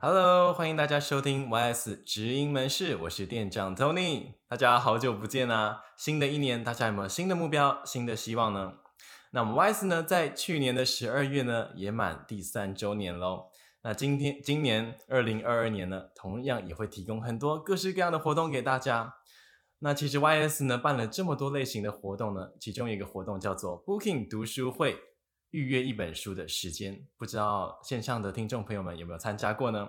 Hello，歡迎大家收聽 YS 職營門市，我是店長 Tony，大家好久不見啦、啊！新的一年，大家有沒有新的目標、新的希望呢？那我們 YS 呢，在去年的十二月呢，也滿第三周年嘍。那今天，今年二零二二年呢，同樣也會提供很多各式各樣的活動給大家。那其實 YS 呢，辦了這麼多類型的活動呢，其中一個活動叫做 Booking 讀書會。預約一本書的時間，不知道線上的聽眾朋友們有沒有參加過呢？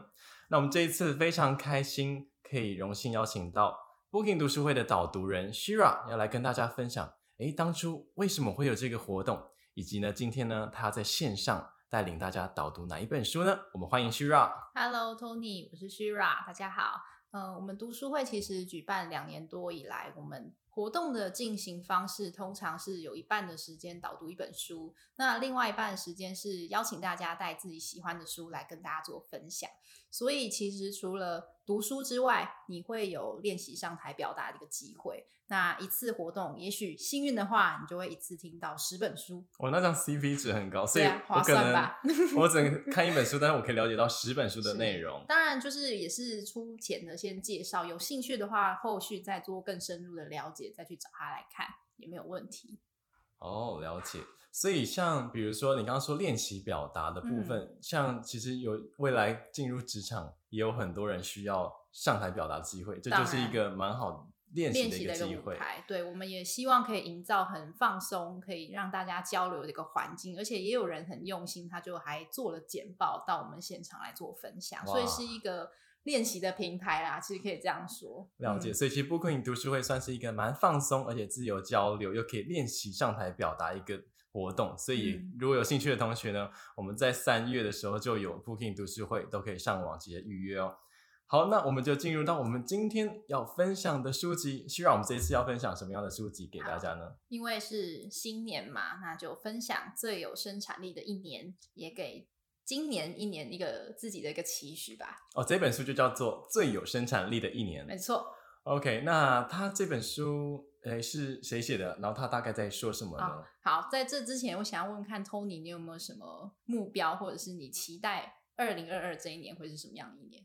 那我們這一次非常開心，可以榮幸邀請到 Booking 讀書會的導讀人 Shira 要來跟大家分享，誒，當初為什麼會有這個活動，以及呢，今天呢，他在線上帶領大家導讀哪一本書呢？我們歡迎 Shira。Hello, Tony，我是 Shira，大家好。呃、嗯，我們讀書會其實舉辦兩年多以來，我們活動的進行方式通常是有一半的時間導讀一本書，那另外一半的時間是邀請大家帶自己喜歡的書來跟大家做分享。所以其實除了讀書之外，你會有練習上台表達的一個機會。那一次活動，也許幸運的話，你就會一次聽到十本書。我那張 CP 值很高，所以划算吧？我只能看一本書， 但我可以了解到十本書的內容。當然，就是也是粗淺的先介紹，有興趣的話，後續再做更深入的了解，再去找他來看也沒有問題。哦，了解。所以像比如說你剛剛說練習表達的部分、嗯，像其實有未來進入職場，也有很多人需要上台表達的機會，這就是一個蠻好。練習的，的一個舞台，對。我們也希望可以營造很放鬆，可以讓大家交流的一個環境，而且也有人很用心，他就還做了簡報到我們現場來做分享，所以是一個練習的平台啦，其實可以這樣說。了解，嗯、所以其實 BOOKING 讀書會算是一個蠻放鬆，而且自由交流，又可以練習上台表達一個活動。所以如果有興趣的同學呢，我們在三月的時候就有 BOOKING 讀書會，都可以上網直接預約哦。喔。好，那我們就進入到我們今天要分享的書籍。希望我們這一次要分享什麼樣的書籍給大家呢？因為是新年嘛，那就分享最有生產力的一年，也給今年一年一個自己的一個期許吧。哦，這本書就叫做《最有生產力的一年》。沒錯。OK，那他這本書誒是誰寫的？然後他大概在說什麼呢？好，好，在這之前，我想要問看 Tony，你有沒有什麼目標，或者是你期待二零二二這一年會是什麼樣的一年？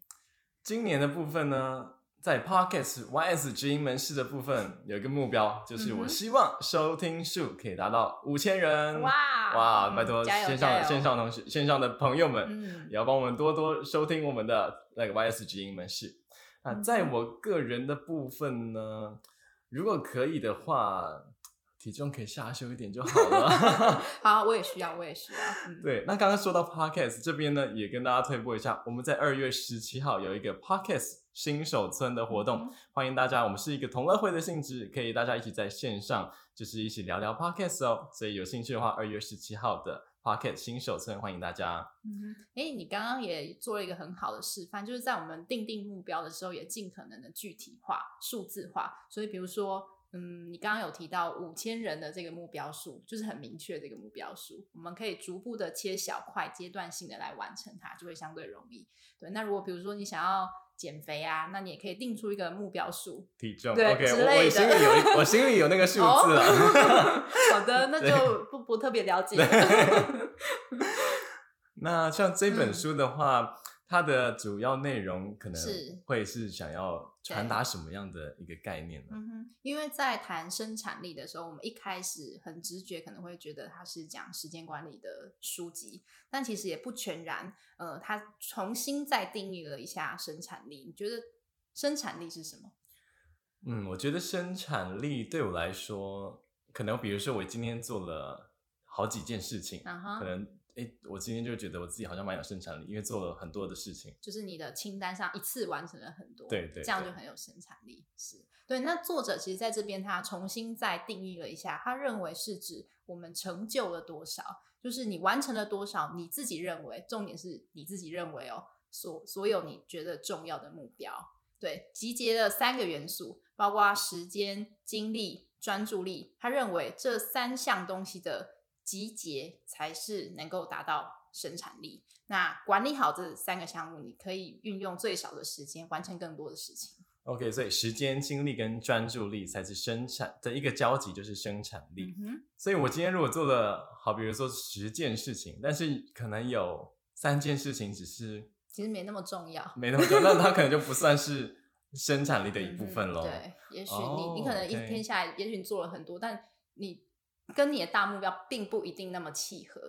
今年的部分呢，在 Podcast YS 職營門市的部分有一個目標，就是我希望收聽數可以達到五千人。哇、嗯、哇，拜託線上線上同事線上的朋友們、嗯、也要幫我們多多收聽我們的那個 YS 職營門市。那在我個人的部分呢，如果可以的話。體重可以下修一點就好了 。好，我也需要，我也需要。嗯、對，那剛剛說到 Podcast 這邊呢，也跟大家推播一下，我們在二月十七號有一個 Podcast 新手村的活動、嗯，歡迎大家。我們是一個同樂會的性質，可以大家一起在線上，就是一起聊聊 Podcast 哦。所以有興趣的話，二月十七號的 Podcast 新手村歡迎大家。嗯哼，欸，你剛剛也做了一個很好的示範，就是在我們定定目標的時候，也盡可能的具體化、數字化。所以，比如說。嗯，你剛剛有提到五千人的這個目標數，就是很明確的一個目標數，我們可以逐步的切小塊，階段性的來完成它，就會相對容易。對，那如果比如說你想要減肥啊，那你也可以定出一個目標數，體重對 Okay, 之類的我。我心裡有，我心裡有那個數字啊。 哦、 好的，那就不不特別了解了。 那像這本書的話。嗯它的主要內容可能會是想要傳達什麼樣的一個概念呢？嗯哼，因為在談生產力的時候，我們一開始很直覺可能會覺得它是講時間管理的書籍，但其實也不全然。呃，它重新再定義了一下生產力。你覺得生產力是什麼？嗯，我覺得生產力對我來說，可能比如說我今天做了好幾件事情，Uh-huh. 可能。哎，我今天就覺得我自己好像蠻有生產力，因為做了很多的事情。就是你的清單上一次完成了很多，對對，這樣就很有生產力。對對是對。那作者其實在這邊他重新再定義了一下，他認為是指我們成就了多少，就是你完成了多少，你自己認為。重點是你自己認為哦，所所有你覺得重要的目標，對，集結了三個元素，包括時間、精力、專注力。他認為這三項東西的，集結才是能夠達到生產力。那管理好這三個項目，你可以運用最少的時間完成更多的事情。OK，所以時間、精力跟專注力才是生產的一個交集，就是生產力。嗯、所以，我今天如果做了好，比如說十件事情，但是可能有三件事情只是其實沒那麼重要，沒那麼重要， 那它可能就不算是生產力的一部分咯。嗯、對，也許你、oh, okay. 你可能一天下來，也許你做了很多，但你。跟你的大目標並不一定那麼契合。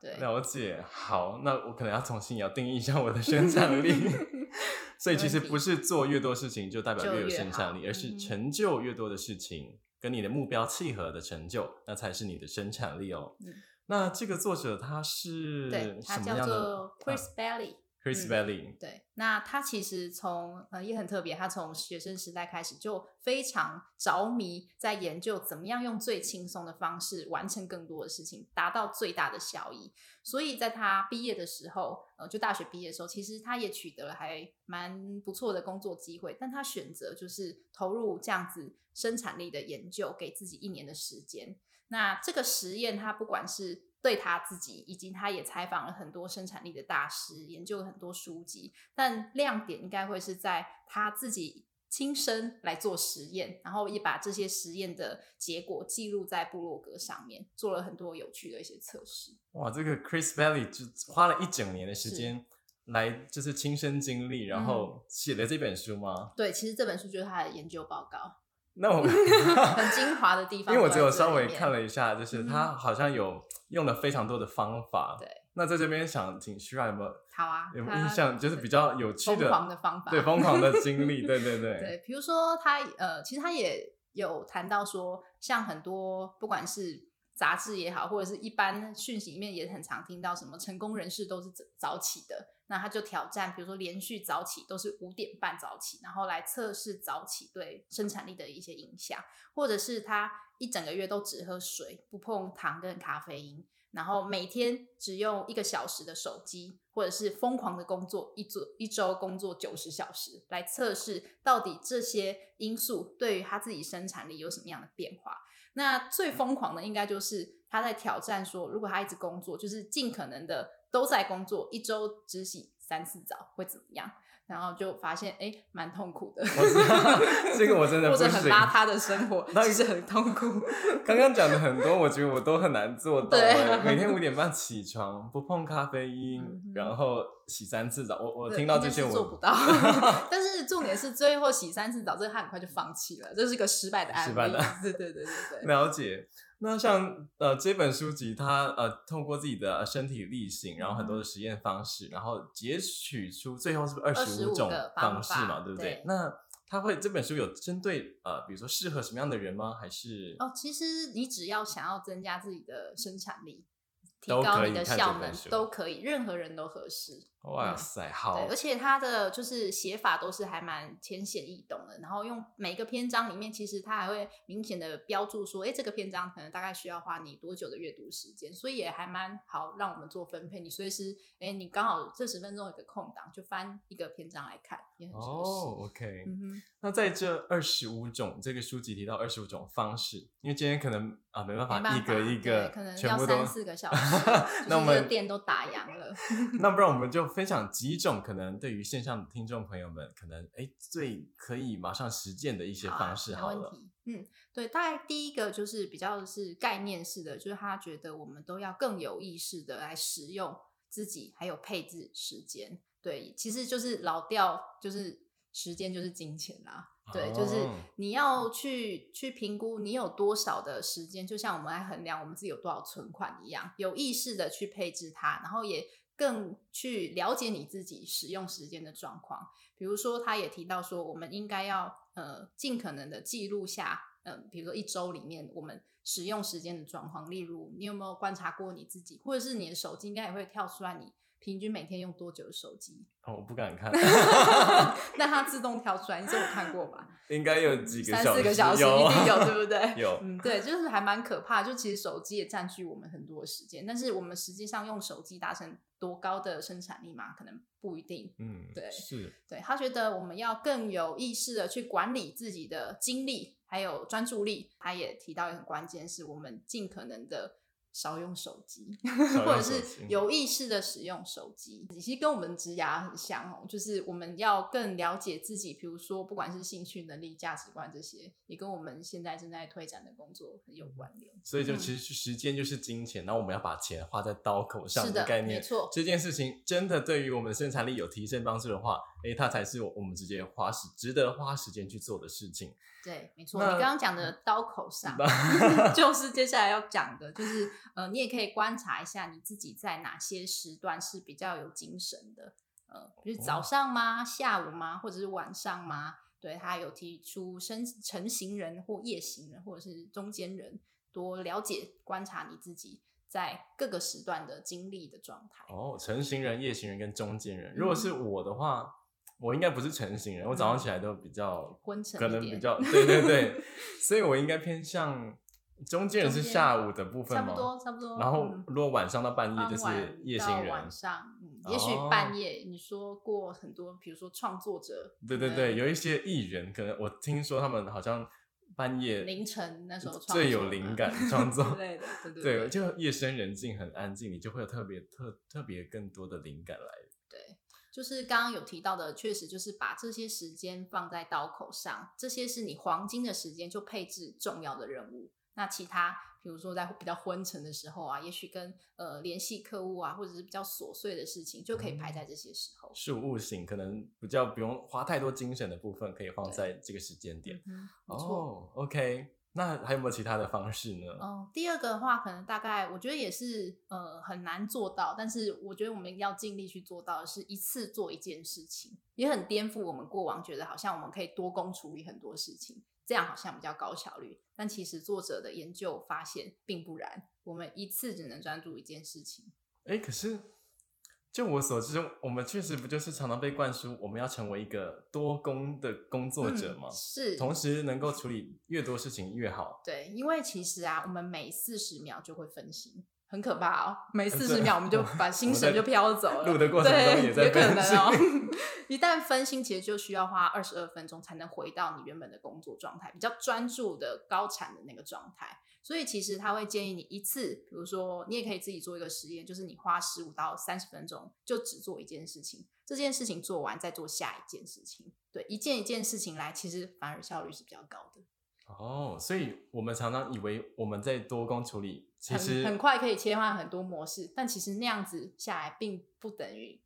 對，了解。好，那我可能要重新要定義一下我的生產力。 所以其實不是做越多事情就代表越有生產力， 而是成就越多的事情跟你的目標契合的成就，那才是你的生產力哦。嗯、那這個作者他是什麼樣的？對，他叫做 Chris Bailey。啊 Chris Bailey，對，那他其實從呃也很特別，他從學生時代開始就非常着迷，在研究怎麼樣用最輕鬆的方式完成更多的事情，達到最大的效益。所以在他畢業的時候，呃，就大學畢業的時候，其實他也取得了還蠻不錯的工作機會，但他選擇就是投入這樣子生產力的研究，給自己一年的時間。那這個實驗，他不管是對他自己，以及他也採訪了很多生產力的大師，研究了很多書籍。但亮點應該會是在他自己親身來做實驗，然後也把這些實驗的結果記錄在部落格上面，做了很多有趣的一些測試。哇，這個 Chris Bailey 就花了一整年的時間來就是親身經歷，然後寫了這本書嗎？嗯？對，其實這本書就是他的研究報告。那我們 很精華的地方，因為我只有稍微看了一下，就是、嗯、他好像有。用了非常多的方法，對。那在這邊想請 Shira 有沒有好啊，有沒有印象，就是比較有趣的瘋狂的方法，對，瘋狂的經歷，對對對。對，比 如說他呃，其實他也有談到說，像很多不管是。雜誌也好，或者是一般訊息裡面也很常聽到，什麼成功人士都是早早起的。那他就挑戰，比如說連續早起都是五點半早起，然後來測試早起對生產力的一些影響，或者是他一整個月都只喝水，不碰糖跟咖啡因，然後每天只用一個小時的手機，或者是瘋狂的工作，一做一周工作九十小時，來測試到底這些因素對於他自己生產力有什麼樣的變化。那最瘋狂的應該就是他在挑戰說，如果他一直工作，就是盡可能的都在工作，一周只洗三次澡，會怎麼樣？然後就發現，哎，蠻痛苦的。我知道這個我真的過著很邋遢的生活， 其實很痛苦。剛剛講的很多，我覺得我都很難做到。每天五點半起床，不碰咖啡因， 然後洗三次澡。我我聽到這些，我做不到。 但是重點是最後洗三次澡，這個他很快就放棄了，這是一個失敗的案例。失敗的，對，對對對對，了解。那像呃這本書籍，它呃通過自己的身體力行，然後很多的實驗方式，然後截取出最後是不是二十五種方式嘛，對不對？對，那他會這本書有針對呃，比如說適合什麼樣的人嗎？還是哦，其實你只要想要增加自己的生產力，提高你的效能都可，都可以，任何人都合適。哇、wow, 嗯、塞，好！而且他的就是寫法都是還蠻淺顯易懂的，然後用每一個篇章裡面，其實他還會明顯的標注說，哎、欸，這個篇章可能大概需要花你多久的閱讀時間，所以也還蠻好讓我們做分配。你隨時，哎、欸，你剛好這十分鐘有個空檔，就翻一個篇章來看，也很適。哦、oh,，OK，、嗯、那在這二十五種、okay. 這個書籍提到二十五種方式，因為今天可能啊沒辦法一個一個，可能要三四個小時，那我們店都打烊了 那，那不然我們就。分享幾種可能對於線上的聽眾朋友們可能誒最可以馬上實踐的一些方式好。好了、啊，嗯，對，大概第一個就是比較是概念式的，就是他覺得我們都要更有意識地來使用自己，還有配置時間。對，其實就是老調，就是時間就是金錢啦。哦、對，就是你要去去評估你有多少的時間，就像我們來衡量我們自己有多少存款一樣，有意識地去配置它，然後也。更去了解你自己使用時間的狀況，比如說，他也提到說，我們應該要呃盡可能的記錄下，嗯、呃，比如說一周裡面我們使用時間的狀況，例如你有沒有觀察過你自己，或者是你的手機應該也會跳出來你。平均每天用多久的手機？哦，我不敢看。 那它自動跳出來，你這我看過吧？應該有幾個小時三四個小時，一定有，對不對？有，嗯，對，就是還蠻可怕。就其實手機也占據我們很多時間，但是我們實際上用手機達成多高的生產力嘛，可能不一定。嗯，對，是。對他覺得我們要更有意識的去管理自己的精力，還有專注力。他也提到一個關鍵，是我們盡可能的。少用手機，或者是有意識的使用手機，嗯，其實跟我們職涯很像哦，喔，就是我們要更了解自己，比如說不管是興趣、能力、價值觀這些，也跟我們現在正在推展的工作很有關聯。所以就其實時間就是金錢，嗯，然後我們要把錢花在刀口上的概念，是的，沒錯，這件事情真的對於我們的生產力有提升幫助的話所以它才是我我們直接花時值得花時間去做的事情。對，沒錯。你剛剛講的刀口上， 就是接下來要講的，就是呃，你也可以觀察一下你自己在哪些時段是比較有精神的，呃，比如早上嗎？下午嗎？或者是晚上嗎？哦、對他有提出晨晨型人、或夜型人，或者是中間人，多了解觀察你自己在各個時段的精力的狀態。哦，晨型人、夜型人跟中間人、嗯，如果是我的話。我應該不是晨型人，我早上起來都比較，可能比較，嗯、昏沉，對對對， 所以我應該偏向中間人是下午的部分嗎，差不多差不多。然後如果晚上到半夜就是夜型人。晚,晚上，嗯、也許半夜你說過很多，比如說創作者、哦，對對對，對有一些藝人，可能我聽說他們好像半夜凌晨那時候最有靈感創作 對,對,對,對,對，就夜深人靜很安靜，你就會有特別特特別更多的靈感來，對。就是剛剛有提到的，確實就是把這些時間放在刀口上，這些是你黃金的時間，就配置重要的任務，那其他，比如說在比較昏沉的時候啊，也許跟呃聯繫客戶啊，或者是比較瑣碎的事情，就可以排在這些時候。事務性可能比較不用花太多精神的部分，可以放在這個時間點。哦、嗯嗯嗯 oh,，OK。那還有沒有其他的方式呢？嗯、哦，第二個的話，可能大概我覺得也是，呃，很難做到。但是我覺得我們要盡力去做到，是一次做一件事情，也很顛覆我們過往覺得好像我們可以多工處理很多事情，這樣好像比較高效率。但其實作者的研究發現，並不然，我們一次只能專注一件事情。哎、欸，可是。就我所知，我們確實不就是常常被灌輸，我們要成為一個多工的工作者嗎？嗯，是，同時能夠處理越多事情越好。對，因為其實啊，我們每四十秒就會分心。很可怕哦，每四十秒我們就把心神就飄走了。錄的過程中也在對，也可能哦。 一旦分心，其實就需要花二十二分鐘才能回到你原本的工作狀態，比較專注的高產的那個狀態。所以其實他會建議你一次，比如說你也可以自己做一個實驗，就是你花十五到三十分鐘就只做一件事情，這件事情做完再做下一件事情。對，一件一件事情來，其實反而效率是比較高的。哦，所以我們常常以為我們在多工處理，其實很,很快可以切換很多模式，但其實那樣子下來並不等於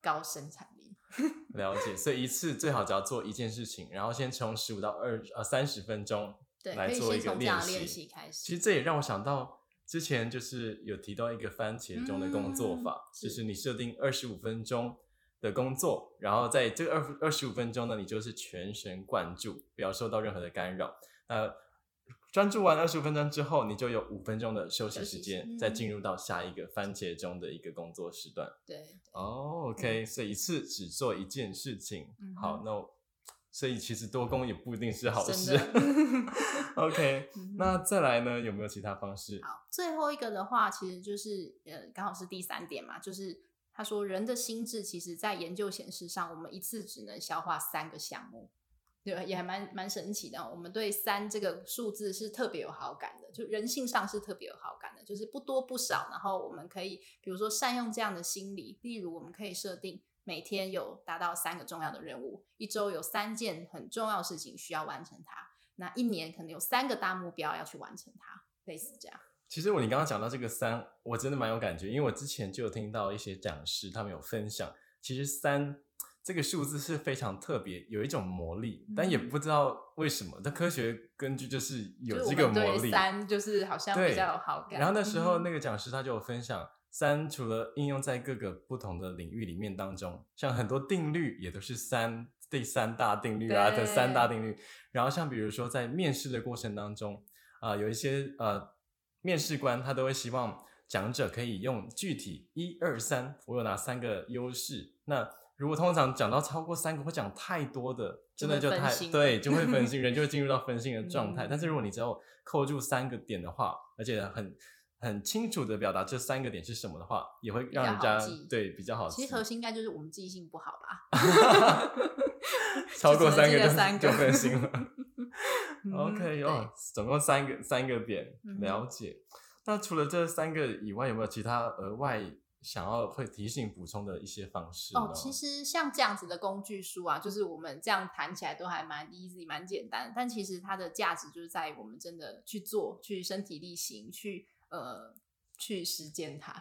高生產力。 了解，所以一次最好只要做一件事情，然後先從十五到二呃三十分鐘，對，來做一個練習,對從練習開始。其實這也讓我想到之前就是有提到一個番茄鐘的工作法，嗯、是就是你設定二十五分鐘的工作，然後在這個二二十五分鐘呢，你就是全神貫注，不要受到任何的干擾。呃，專注完二十五分鐘之後，你就有五分鐘的休息時間，嗯，再進入到下一個番茄鐘的一個工作時段。對，哦、oh，OK、嗯、所以一次只做一件事情。嗯、好，那所以其實多工也不一定是好事。 OK、嗯、那再來呢？有沒有其他方式？好，最後一個的話，其實就是呃，剛好是第三點嘛，就是他說人的心智其實在研究顯示上，我們一次只能消化三個項目。對，也還蠻蠻神奇的，我們對三這個數字是特別有好感的，就人性上是特別有好感的，就是不多不少。然後我們可以，比如說善用這樣的心理，例如我們可以設定每天有達到三個重要的任務，一周有三件很重要的事情需要完成它，那一年可能有三個大目標要去完成它，類似這樣。其實我你剛剛講到這個三，我真的蠻有感覺，因為我之前就有聽到一些講師他們有分享，其實三。這個數字是非常特別，有一種魔力，嗯、但也不知道為什麼。但科學根據就是有這個魔力。對，三就是好像比較有好感。然後那時候那個講師他就分享，嗯，三除了應用在各個不同的領域裡面當中，像很多定律也都是三，第三大定律啊等三大定律。然後像比如說在面試的過程當中，啊、呃、有一些呃面試官他都會希望講者可以用具體一二三，我有哪三個優勢？那如果通常講到超過三個或講太多的，會分心真的就太對，就會分心， 人就會進入到分心的狀態、 嗯。但是如果你只要扣住三個點的話，而且很很清楚的表達這三個點是什麼的話，也會讓人家對比較好，比較好。其實核心應該就是我們記性不好吧？ 超過三個就就，三個 就分心了。OK 哦，嗯、總共三個三個點了解，嗯。那除了這三個以外，有沒有其他額外？想要會提醒補充的一些方式哦，其實像這樣子的工具書啊，就是我們這樣談起來都還蠻 easy、蠻簡單的，但其實它的價值就是在於我們真的去做、去身體力行、去呃去實踐它。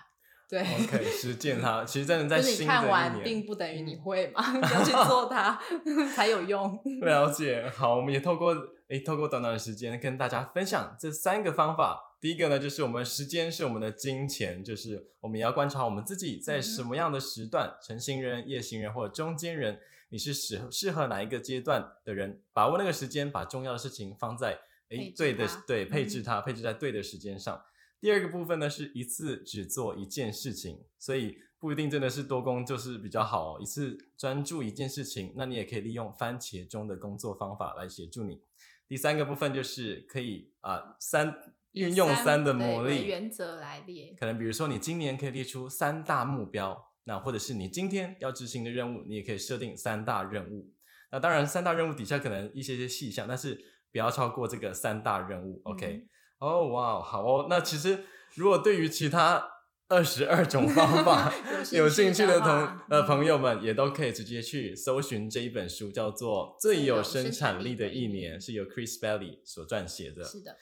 對可以、okay, 實踐它，其實真的在的 你看完並不等於你會嘛，要 去做它 才有用。了解，好，我們也透過誒，透過短短的時間跟大家分享這三個方法。第一個呢，就是我們時間是我們的金錢，就是我們也要觀察好我們自己在什麼樣的時段，mm-hmm. 晨型人、夜型人或者中間人，你是適合適合哪一個階段的人，把握那個時間，把重要的事情放在哎對的對配置它，mm -hmm. 配置在對的時間上。第二個部分呢，是一次只做一件事情，所以不一定真的是多工就是比較好，一次專注一件事情，那你也可以利用番茄鐘的工作方法來協助你。第三個部分就是可以啊、呃、三。運用三的魔力原則來列，可能比如說你今年可以列出三大目標，那或者是你今天要執行的任務，你也可以設定三大任務。那當然，三大任務底下可能一些些細項，但是不要超過這個三大任務。嗯、OK，哦哇，oh, wow, 好哦。那其實如果對於其他二十二種方法有興趣的同 趣的呃朋友們，也都可以直接去搜尋這一本書，叫做《最有生產力的一年》，嗯、是由 Chris Bailey 所撰寫的。是的。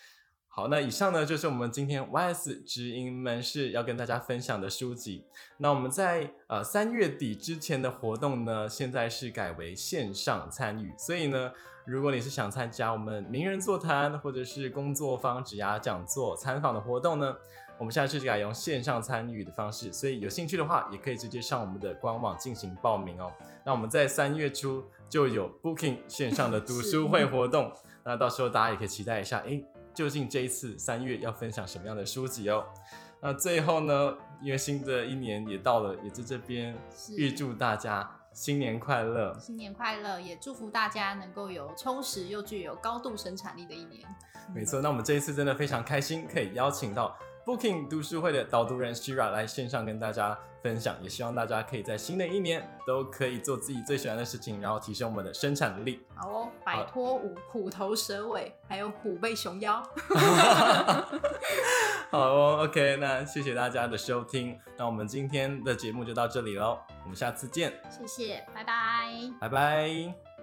好，那以上呢就是我們今天 YS 職營門市要跟大家分享的書籍。那我們在呃三月底之前的活動呢，現在是改為線上參與。所以呢，如果你是想參加我們名人座談或者是工作坊、職涯講座、參訪的活動呢，我們現在是改用線上參與的方式。所以有興趣的話，也可以直接上我們的官網進行報名哦。那我們在三月初就有 Booking 線上的讀書會活動，那到時候大家也可以期待一下。誒究竟這一次三月要分享什麼樣的書籍哦？那最後呢，因為新的一年也到了，也就在這邊預祝大家新年快樂，新年快樂，也祝福大家能夠有充實又具有高度生產力的一年。嗯、沒錯，那我們這一次真的非常開心，可以邀請到。Booking 讀書會的導讀人 Shira 來線上跟大家分享，也希望大家可以在新的一年都可以做自己最喜歡的事情，然後提升我們的生產力。好哦，擺脫虎虎頭蛇尾，還有虎背熊腰。 好哦，OK，那謝謝大家的收聽，那我們今天的節目就到這裡嘍，我們下次見。謝謝，拜拜，拜拜。